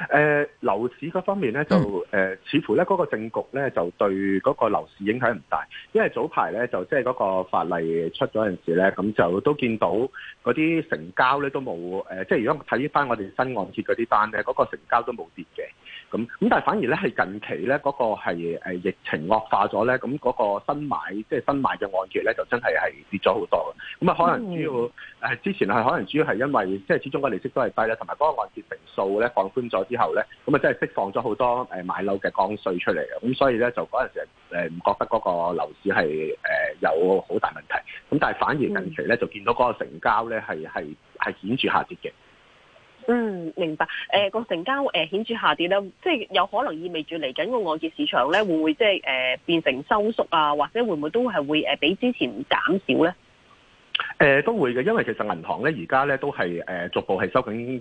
誒、呃、樓市嗰方面咧，就誒、呃、似乎咧嗰個政局咧，就對嗰個樓市影響唔大，因為早排咧就即係嗰個法例出咗陣時咧，咁就都見到嗰啲成交咧都冇誒，即係如果睇翻我哋新按揭嗰啲單咧，嗰個成交都冇跌嘅。咁咁、那個就是 mm -hmm. 就是，但係反而咧，係近期咧，嗰個係誒疫情惡化咗咧，咁嗰個新買即係新買嘅按揭咧，就真係係跌咗好多嘅。咁啊，可能主要誒之前係可能主要係因為即係始終個利息都係低啦同埋嗰個按揭成數咧放寬咗之後咧，咁啊即係釋放咗好多誒買樓嘅剛需出嚟嘅。咁所以咧，就嗰陣時唔覺得嗰個樓市係誒有好大問題。咁但係反而近期咧，就見到嗰個成交咧係係係顯著下跌嘅。嗯，明白。誒、呃嗰個成交、呃、顯著下跌咧，即係有可能意味住嚟緊個外結市場咧會唔會即係、呃、變成收縮啊，或者會唔會都係會比之前減少咧？誒、呃、都會嘅，因為其實銀行咧而家咧都係、呃、逐步係收緊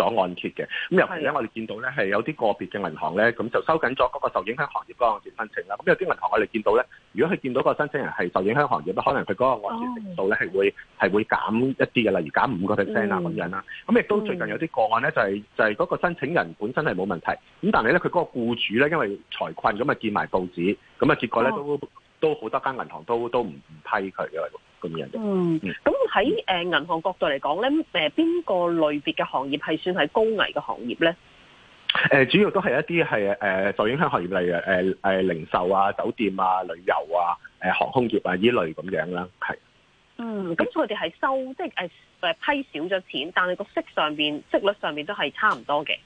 咗按揭嘅，咁，尤其咧，我哋見到咧係有啲個別嘅銀行咧，咁就收緊咗嗰個受影響行業嗰個按揭申請啦。咁有啲銀行我哋見到咧，如果佢見到個申請人係受影響行業咧，可能佢嗰個按揭程度咧係會係、oh. 會減一啲嘅，例如減五個 percent 啊咁樣啦。咁、mm. 亦都最近有啲個案咧、就係，就係就係嗰個申請人本身係冇問題，咁但係咧佢嗰個僱主咧因為財困咁啊見埋報紙，咁啊結果咧、oh. 都都好多間銀行都都唔批佢嘅。咁嗯，咁喺誒銀行角度嚟講咧，誒邊個類別嘅行業係算係高危嘅行業咧？誒、呃、主要都係一啲係誒受影響行業，例如誒誒、呃呃、零售啊、酒店啊、旅遊啊、誒、呃、航空業啊依、呃啊、類咁樣啦，係。嗯，咁佢哋係收即係誒誒批少咗錢，但係個息上邊息率上面都係差唔多嘅。誒、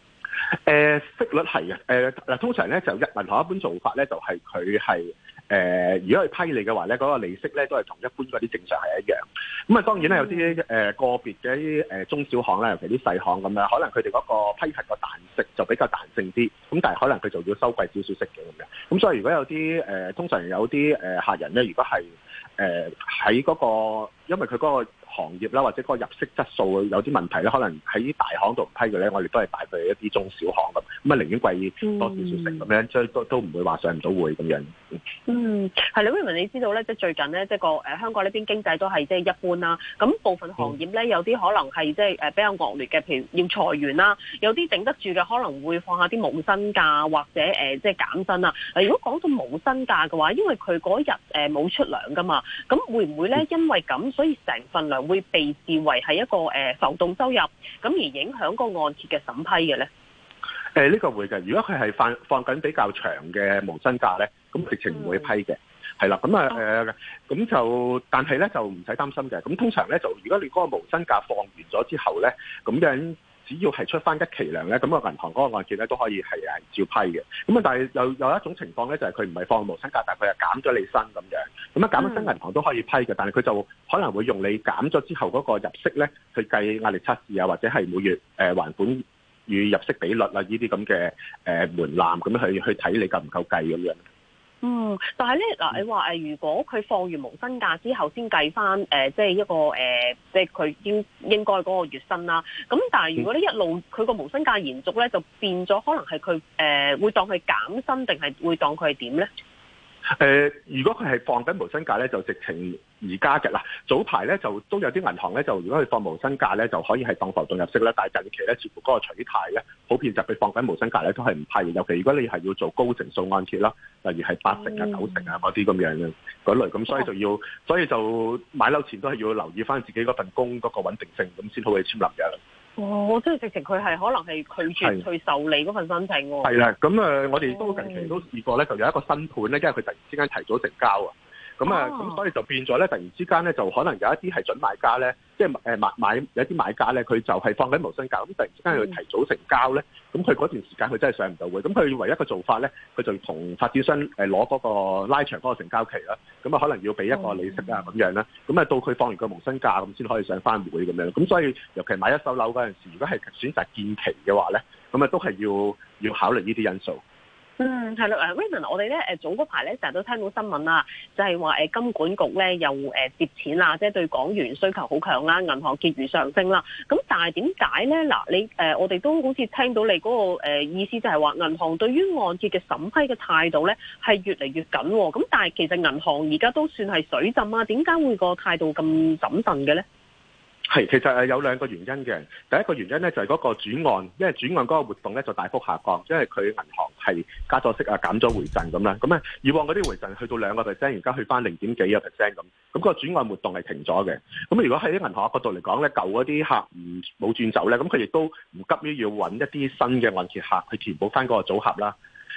呃、息率係嘅，誒、呃、嗱通常咧就一銀行一般做法咧就係佢係。誒、呃，如果佢批你嘅話咧，嗰、那個利息咧都係同一般嗰啲正常係一樣。咁啊，當然咧有啲誒個別嘅啲誒中小行咧，尤其啲細行咁樣，可能佢哋嗰個批核個彈性就比較彈性啲。咁但係可能佢就要收貴少少息嘅咁樣。咁所以如果有啲誒、呃，通常有啲誒客人咧，如果係誒喺嗰個，因為佢嗰、那個。行業啦，或者嗰個入息質素有啲問題咧，可能喺啲大行度批嘅咧，我哋都係帶畀一啲中小行咁，咁啊寧願貴多少少成咁樣，最多都唔會話上唔到會咁樣。嗯，係，William，你知道咧，即係最近咧，即係個誒、呃、香港呢邊經濟都係即係一般啦、啊。咁部分行業咧、嗯、有啲可能係即係誒、呃、比較惡劣嘅，譬如要裁員啦、啊，有啲頂得住嘅可能會放下啲冇薪假或者誒、呃、即係減薪啊。如果講到冇薪假嘅話，因為佢嗰日誒冇出糧㗎嘛，咁會唔會咧因為咁所以成份糧，會被視為係一個誒浮動收入，咁而影響個按揭嘅審批嘅咧？誒、呃、呢、這個會嘅。如果佢係放放緊比較長嘅無薪假咧，咁直情唔會批嘅。係、嗯、啦，咁啊誒、咁、嗯嗯、就但係咧就唔使擔心嘅。咁通常咧就，如果你嗰個無薪假放完咗之後咧，咁樣，只要係出翻一期糧咧，咁個銀行嗰個按揭咧都可以係照批嘅。咁啊，但係又有一種情況咧，就係佢唔係放無薪假，但佢係減咗你薪咁樣。咁啊，減咗薪銀行都可以批嘅，但係佢就可能會用你減咗之後嗰個入息咧去計壓力測試啊，或者係每月誒還款與入息比率啊呢啲咁嘅誒門檻咁樣去去睇你夠唔夠計咁樣。嗯，但係咧，嗱，你話誒，如果佢放完無薪假之後先計翻，誒、呃，即係一個誒、呃，即係佢應應該嗰個月薪啦。咁但係如果咧一路佢個無薪假延續咧，就變咗可能係佢誒會當佢減薪，定係會當佢係點咧？誒、呃，如果佢係放緊無薪假咧，就直情而家嘅啦。早排咧就都有啲銀行咧，就如果佢放無薪假咧，就可以係當浮動入息啦。但係近期咧，似乎嗰個取態咧，普遍就被放緊無薪假咧，都係唔批。尤其如果你係要做高成數按揭啦，例如係八成啊、九成啊嗰啲咁樣嘅嗰類，咁所以就要、哦，所以就買樓前都係要留意返自己嗰份工嗰個穩定性，咁先可以簽立嘅。哦，即係直情佢係可能係拒絕去受理嗰份申請喎。係啦，咁我哋都近期都試過咧，就有一個新盤咧，因為佢突然之間提早成交啊。咁啊，咁、啊、所以就變咗咧，突然之間咧，就可能有一啲係準買家咧，即係誒買買有啲買家咧，佢就係放緊無薪假。咁突然之間佢提早成交咧，咁佢嗰段時間佢真係上唔到會，咁佢唯一嘅做法咧，佢就同發展商攞嗰個拉長嗰個成交期啦，咁啊可能要俾一個利息啊咁、嗯、樣啦，咁啊到佢放完個無薪假咁先可以上翻會咁樣，咁所以尤其買一手樓嗰陣時，如果係選擇見期嘅話咧，咁啊都係要要考慮呢啲因素。嗯，係啦，誒，Raymond，我哋咧，誒，早嗰排咧成日都聽到新聞啊，就係話誒金管局咧又誒蝕、呃、錢啦，即係對港元需求好強啦，銀行結餘上升啦，咁但係點解咧？嗱，你誒、呃，我哋都好似聽到你嗰個誒意思就是說，就係話銀行對於按揭嘅審批嘅態度咧係越嚟越緊，咁但係其實銀行而家都算係水浸啊，點解會個態度咁審慎嘅咧？係，其實係有兩個原因嘅。第一個原因咧就係、是、嗰個轉按，因為轉按嗰個活動咧就大幅下降，即係佢銀行係加咗息啊、減咗回贈咁啦。咁啊，以往嗰啲回贈去到兩個 percent，而家去翻零點幾個 percent 咁。咁、那個轉按活動係停咗嘅。咁如果喺啲銀行角度嚟講咧，舊嗰啲客唔冇轉走咧，咁佢亦都唔急於要揾一啲新嘅按揭客去填補翻嗰個組合啦。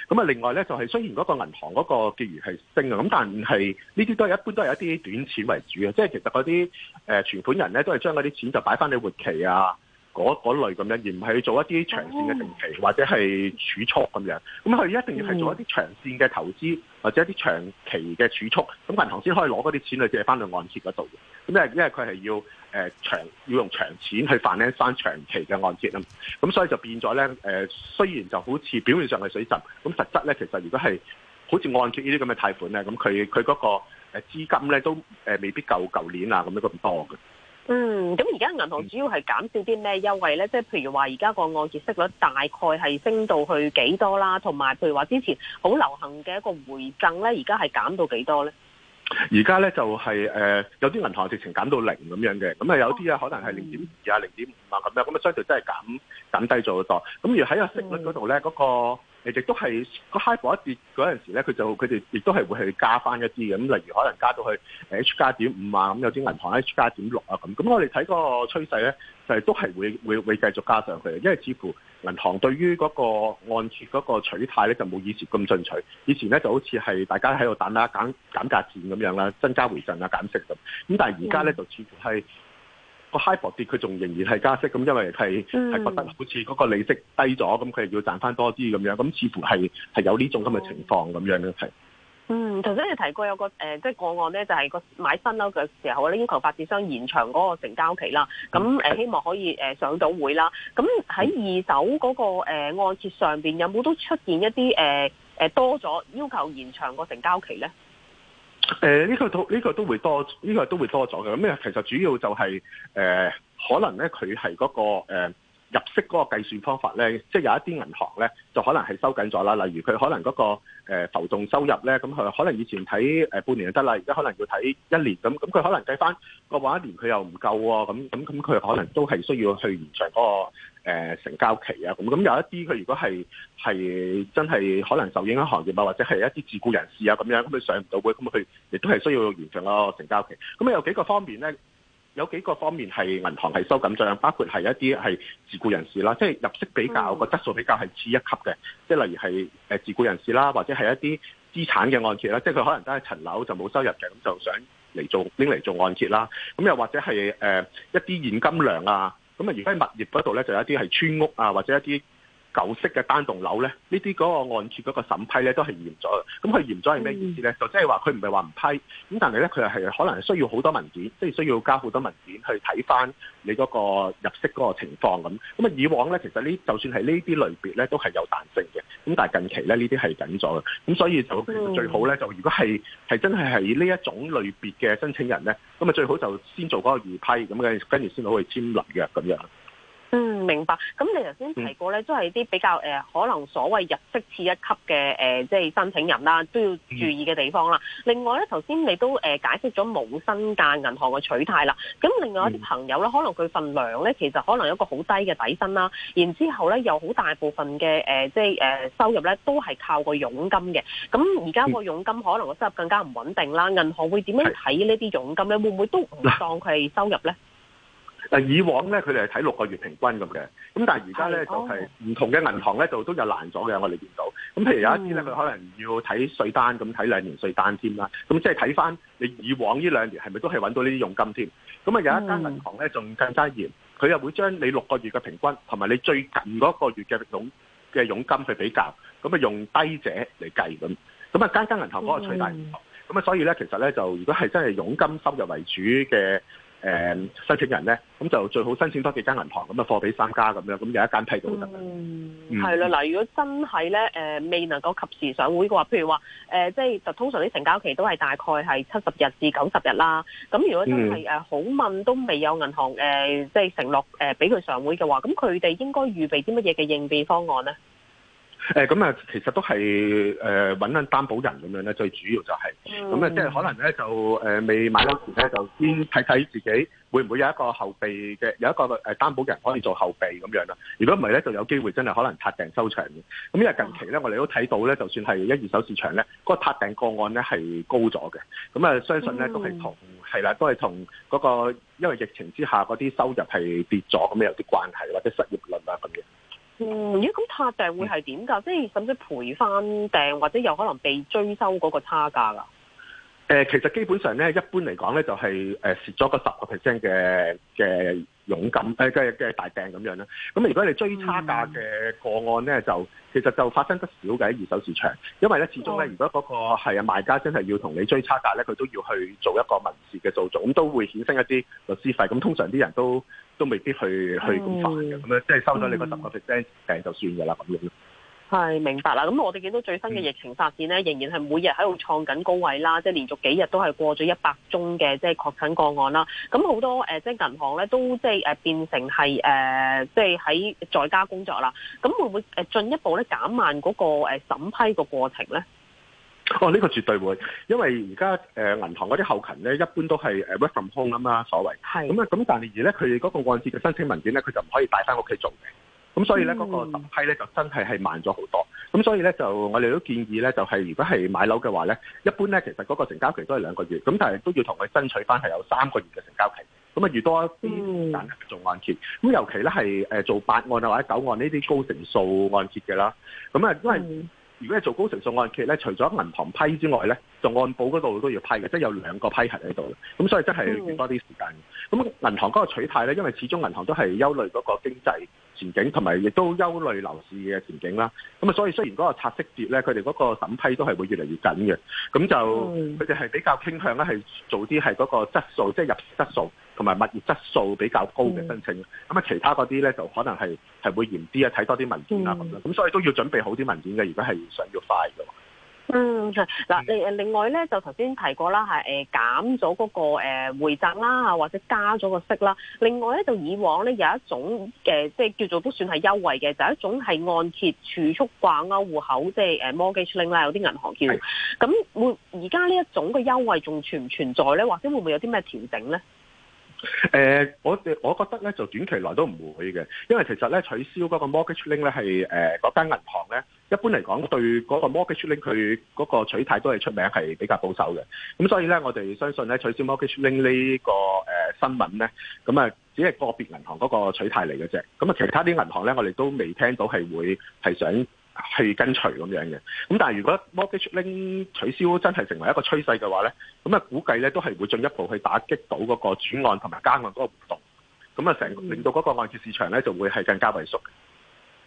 咁啊，另外咧就係雖然嗰個銀行嗰個結餘係升嘅，咁但係呢啲都係一般都係一啲短錢為主嘅，即係其實嗰啲誒存款人咧都係將嗰啲錢就擺翻你活期啊。嗰類咁樣，而唔係去做一啲長線嘅定期、oh. 或者係儲蓄咁樣。咁佢一定要係做一啲長線嘅投資、mm. 或者一啲長期嘅儲蓄，咁銀行先可以攞嗰啲錢去借翻去按揭嗰度。咁因為因為佢係要誒、呃、長要用長錢去放咧翻長期嘅按揭啊。咁所以就變咗咧誒，雖然就好似表面上係水浸，咁實質咧其實如果係好似按揭呢啲咁嘅貸款咧，咁佢佢嗰個誒資金咧都誒未必夠舊年啊咁樣咁多嘅。嗯，咁而家銀行主要係減少啲咩優惠咧？即、嗯、係譬如話，而家個按揭息率大概係升到去幾多啦？同埋譬如話之前好流行嘅一個回贈咧，而家係減到幾多咧？而家咧就係、是、誒、呃，有啲銀行直情減到零咁樣嘅，咁啊有啲啊可能係零點二啊、零點五啊咁樣，咁啊相對真係減減低咗好多。咁而喺個息率嗰度咧，嗰、嗯嗰個。亦都係個 HIBOR 一跌嗰陣時咧，佢就佢哋亦都係會去加翻一啲嘅。咁例如可能加到去 H 加點五啊，咁有啲銀行 H 加點六啊，咁。咁我哋睇個趨勢咧，就係都係會會會繼續加上去，因為似乎銀行對於嗰個按揭嗰個取態咧就冇以前咁進取。以前咧就好似係大家喺度等啦減減價錢咁樣啦，增加回贈啊，減息咁。咁但係而家咧就似乎係。個 HIBOR 跌佢仲仍然係加息咁，因為係係、嗯、覺得好似嗰個利息低咗，咁佢又要賺翻多啲咁樣，咁似乎係係有呢種咁嘅情況咁樣咧，係。嗯，頭先、嗯、你提過有個誒，即係個案咧，就係、是、個買新樓嘅時候咧，要求發展商延長嗰個成交期啦。咁誒、呃，希望可以誒、呃、上到會啦。咁喺二手嗰、那個誒按揭上邊，有冇都出現一啲誒誒多咗要求延長個成交期咧？誒、呃，呢、呢個都呢、呢個都會多，呢、呢個都會多咗嘅。咁其實主要就係、係、誒、呃，可能咧佢係嗰個誒。呃入息嗰個計算方法咧，即係有一啲銀行咧，就可能係收緊咗啦。例如佢可能嗰個誒浮動收入咧，咁佢可能以前睇半年就得啦，而家可能要睇一年咁。咁佢可能計返個話一年佢又唔夠喎、哦，咁咁咁佢可能都係需要去延長嗰、嗰個、呃、成交期啊。咁咁有一啲佢如果係係真係可能受影響行業啊，或者係一啲自僱人士啊咁樣，咁佢上唔到嘅，咁佢亦都係需要延長嗰成交期。咁有幾個方面咧？有幾個方面係銀行係收緊咗，包括係一啲係自雇人士啦，即係入息比較個質、嗯、素比較係次一級嘅，即係例如係誒自雇人士啦，或者係一啲資產嘅按揭啦，即係佢可能都係一層樓就冇收入嘅，咁就想嚟做拎嚟做按揭啦，咁又或者係誒一啲現金糧啊，咁啊而家喺物業嗰度咧就有一啲係村屋啊，或者一啲。舊式嘅單棟樓咧，呢啲嗰個按揭嗰個審批咧都係嚴咗嘅。咁佢嚴咗係咩意思咧、嗯？就即係話佢唔係話唔批，咁但係咧佢又係可能需要好多文件，即、就、係、係、需要交好多文件去睇翻你嗰個入息嗰個情況咁。咁啊以往咧，其實呢就算係呢啲類別咧都係有彈性嘅。咁但係近期咧呢啲係緊咗嘅。咁所以就，就其實最好咧，就如果係係真係係呢一種類別嘅申請人咧，咁啊最好就先做嗰個預批咁嘅，跟住先攞去簽立約咁樣。嗯，明白。咁你頭先提過咧、嗯，都係啲比較可能、呃、所謂入息次一級嘅、呃、即係申請人啦，都要注意嘅地方啦。嗯、另外咧，頭先你都、呃、解釋咗冇薪間銀行嘅取態啦。咁另外一啲朋友咧，可能佢份糧咧，其實可能有個好低嘅底薪啦。然之後咧，又好大部分嘅、呃、即係、呃、收入咧，都係靠個佣金嘅。咁而家個佣金可能個收入更加唔穩定啦。銀行會點樣睇呢啲佣金咧？會唔會都唔當佢係收入咧？ 嗱，以往咧，佢哋係睇六個月平均咁嘅。咁但係而家咧就係、是、唔同嘅銀行咧就都有難咗嘅，我哋見到。咁譬如有一啲咧，佢、嗯、可能要睇稅單，咁睇兩年稅單添啦，咁即係睇翻你以往呢兩年係咪都係揾到呢啲佣金添。咁啊有一間銀行咧仲更加嚴，佢又會將你六個月嘅平均同埋你最近嗰個月嘅傭嘅佣金去比較，咁啊用低者嚟計咁。咁啊間間銀行嗰個取態唔同，咁啊所以咧其實咧就如果係真係佣金收入為主嘅。誒、嗯、申請人咧，咁就最好申請多幾間銀行，咁啊貨比三家咁樣，咁有一間批到就得。嗯，係、嗯、啦，嗱，如果真係咧，未能夠及時上會嘅話，譬如話、呃，即係就通常啲成交期都係大概係七十日至九十日啦。咁如果真係好問都未有銀行、呃、即係承諾誒俾佢上會嘅話，咁佢哋應該預備啲乜嘢嘅應變方案咧？誒，咁啊，其實都係誒，搵緊擔保人咁樣咧，最主要就係、是，咁、嗯、啊，即係可能咧就，誒、呃，未買樓時咧就先睇睇自己會唔會有一個後備嘅，有一個誒擔、呃、保人可以做後備咁樣啦。如果唔係咧，就有機會真係可能撻訂收場嘅。咁因為近期咧，我哋都睇到咧，就算係一二手市場咧，嗰、那個撻訂個案咧係高咗嘅。咁啊，相信咧都係同係啦，都係同嗰個因為疫情之下嗰啲收入係跌咗，咁啊有啲關係或者失業率啊咁樣。嗯，如果咁撻訂會係點㗎？嗯、即係甚至賠翻訂，或者有可能被追收嗰個差價㗎？誒、呃，其實基本上咧，一般嚟講咧，就係誒蝕咗個十個 percent 嘅嘅。呃勇敢誒嘅大病咁樣啦，咁如果你追差價嘅個案咧，就其實就發生得少嘅喺二手市場，因為咧始終咧，如果嗰個係啊賣家真係要同你追差價咧，佢都要去做一個民事嘅訴訟，咁都會衍生一啲律師費，咁通常啲人都都未必去去咁煩嘅，咁樣即係收咗你個十個 percent 訂就算嘅啦，咁樣。係，明白啦，咁我哋見到最新嘅疫情發展咧、嗯，仍然係每日喺度創緊高位啦，即、就、係、是、連續幾日都係過咗一百宗嘅即係確診個案啦。咁好多誒，即係銀行咧都即係誒變成係誒即係喺在家工作啦。咁會唔會誒進一步咧減慢嗰個誒審批個過程咧？哦，呢、這個絕對會，因為而家誒銀行嗰啲後勤咧，一般都係誒 work from home 啊嘛，所謂係咁啊。咁但係而咧，佢嗰個案件嘅申請文件咧，佢就唔可以帶翻屋企做嘅。咁所以咧，嗰、那個審批咧就真係係慢咗好多。咁所以咧，就我哋都建議咧、就是，就係如果係買樓嘅話咧，一般咧其實嗰個成交期都係兩個月，咁但係都要同佢爭取翻係有三個月嘅成交期，咁啊，越多一啲銀行做按揭，咁尤其咧係誒做八案或者九案呢啲高成數按揭嘅啦。咁啊，因為如果係做高成數按揭咧，除咗銀行批之外咧，就按保嗰度都要批嘅，即係有兩個批核喺度，咁所以真係要多啲時間。咁銀行嗰個取態咧，因為始終銀行都係憂慮嗰個經濟前景，同埋亦都憂慮樓市嘅前景啦。咁啊，所以雖然嗰個拆息跌咧，佢哋嗰個審批都係會越嚟越緊嘅。咁就佢哋係比較傾向咧，係做啲係嗰個質素，即係入息質素同埋物業質素比較高嘅申請。咁啊，其他嗰啲咧就可能係係會嚴啲啊，睇多啲文件啊咁樣。咁、嗯、所以都要準備好啲文件嘅，如果係想要快嘅。嗯，嗱，另另外咧，就頭先提過啦，係減咗嗰個誒回贈啦，或者加咗個息啦。另外咧，就以往咧有一種嘅，即係叫做都算係優惠嘅，就係一種係按揭儲蓄掛鈎戶口，即係誒 mortgage link 啦，有啲銀行叫。咁會而家呢一種嘅優惠仲存唔存在咧？或者會唔會有啲咩調整咧？誒、呃，我哋我覺得咧，就短期內都唔會嘅，因為其實咧取消嗰個 Mortgage Link 咧係誒，嗰間銀行咧，一般嚟講對嗰個 Mortgage Link 佢嗰個取態都係出名係比較保守嘅，咁所以咧我哋相信咧取消 Mortgage Link 這個呃、呢、嗯、個誒新聞咧，咁啊只係個別銀行嗰個取態嚟嘅啫，咁、嗯、啊其他啲銀行咧，我哋都未聽到係會係想。去跟隨咁樣嘅，咁但如果 mortgage link 取消真係成為一個趨勢嘅話呢，咁啊估計呢都係會進一步去打擊到 𠮶 個轉案同埋加案 𠮶 個活動，咁啊成令到 𠮶 個按揭市場呢就會係更加萎縮。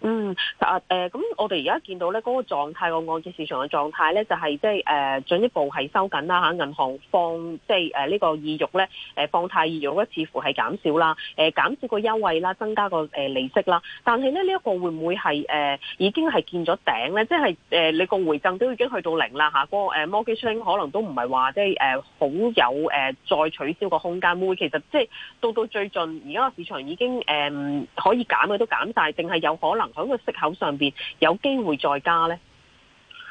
嗯，啊，誒，咁我哋而家見到咧，嗰個狀態，個按揭市場嘅狀態咧，就係即係誒進一步係收緊啦嚇，銀行放即係誒呢個意欲咧，誒放貸意欲咧，似乎係減少啦，誒減少個優惠啦，增加個誒利息啦。但係咧，呢一個會唔會係誒已經係見咗頂咧？即係誒你個回贈都已經去到零啦下，個誒 Mortgage Link 可能都唔係話即係誒好有誒再取消個空間，會其實即係到到最近而家個市場已經誒可以減嘅都減曬，定係有可能？喺個息口上邊有機會再加咧？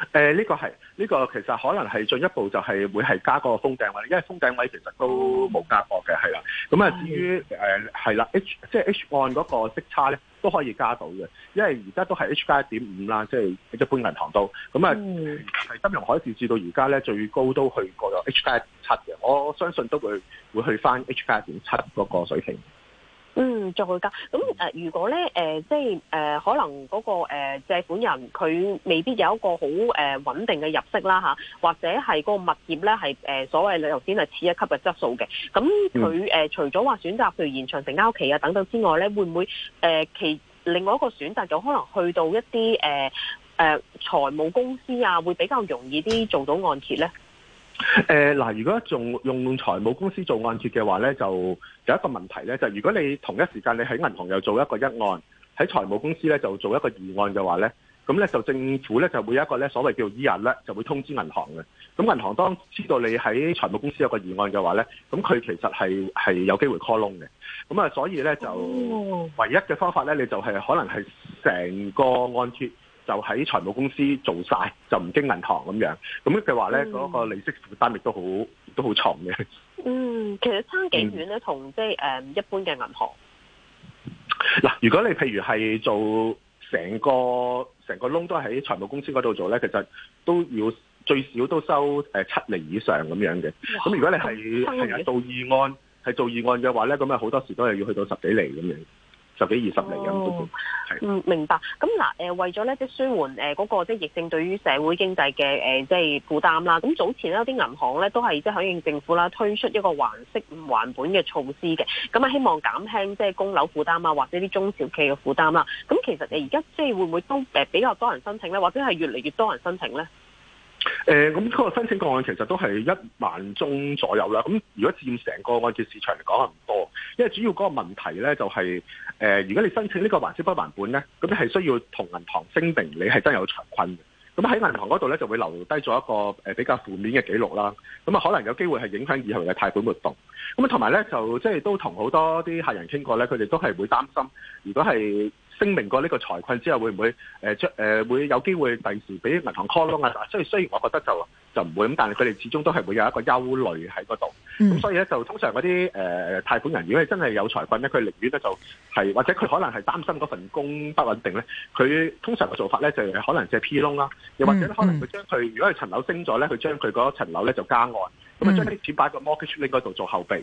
誒、呃，呢、呢個係呢、呢個其實可能係進一步就係會係加個封頂位，因為封頂位其實都冇加過嘅，係、嗯、啦。咁啊，那至於誒係啦，H 即係 H 按嗰個息差咧都可以加到嘅，因為而家都係 H 加一點五啦，即係一般銀行都咁啊。係、嗯、金融海嘯至到而家咧，最高都去過咗 H 加一點七嘅，我相信都會會去返 H 加一點七嗰個水平。嗯，再去加咁如果咧、呃、即係、呃、可能嗰、嗰個借款、呃、人佢未必有一個好誒、呃、穩定嘅入息啦，或者係嗰個物業咧係誒所謂你頭先係次一級嘅質素嘅，咁佢、呃、除咗話選擇譬如延長成交期啊等等之外咧，會唔會誒、呃、其另外一個選擇就可能去到一啲誒誒財務公司啊，會比較容易啲做到按揭咧？誒、呃、嗱，如果仲用財務公司做按揭嘅話咧，就有一個問題咧，就如果你同一時間你喺銀行又做一個一案，喺財務公司咧就做一個二案嘅話咧，咁咧就政府咧就會有一個咧所謂叫 e 耳甩，就會通知銀行嘅。咁銀行當知道你喺財務公司有個二案嘅話咧，咁佢其實係係有機會 call 窿嘅。咁啊，所以咧就唯一嘅方法咧，你就係可能係成個按揭。就喺財務公司做晒，就唔經銀行咁樣，咁佢話咧嗰個利息負擔亦都好都好重嘅。嗯，其實差幾遠咧、嗯，同即係誒一般嘅銀行。嗱，如果你譬如係做成個成個窿都喺財務公司嗰度做咧，其實都要最少都收誒七呃厘以上咁樣嘅。咁如果你係人做二按，係做二按嘅話咧，咁啊好多時都係要去到十幾厘咁樣。十幾二十零咁都係。嗯，明白。咁嗱，誒、呃、為咗咧，即係舒緩誒嗰個即係疫症對於社會經濟嘅誒即係負擔啦。咁早前咧，有啲銀行咧都係即係響應政府啦，推出一個還息唔還本嘅措施嘅。咁啊，希望減輕即係供樓負擔啊，或者啲中小企嘅負擔啦。咁其實誒，而家即係會唔會都誒比較多人申請咧，或者係越嚟越多人申請咧？誒、呃，咁嗰個申請個案其實都係一萬宗左右啦。咁如果佔成個按揭市場嚟講係唔多，因為主要嗰個問題咧就係、是，誒、呃，如果你申請個環呢個還息不還本咧，咁你係需要同銀行聲明你係真有財困嘅。咁喺銀行嗰度咧就會留低咗一個比較負面嘅記錄啦。咁啊可能有機會係影響以後嘅貸款活動。咁啊同埋咧就即係都同好多啲客人傾過咧，佢哋都係會擔心，如果係。聲明過呢個財困之後，會唔會誒出誒會有機會第時俾銀行 call 窿啊？雖雖然我覺得就就唔會咁，但係佢哋始終都係會有一個憂慮喺嗰度。咁、嗯、所以咧就通常嗰啲誒貸款人，如果真係有財困咧，佢寧願咧就係或者佢可能係擔心嗰份工不穩定咧，佢通常嘅做法咧就係可能借 P 窿啦，又或者可能會將佢如果係層樓升咗咧，佢將佢嗰一層樓咧就加按，咁啊將啲錢擺個 mortgage link 呢個度做後備。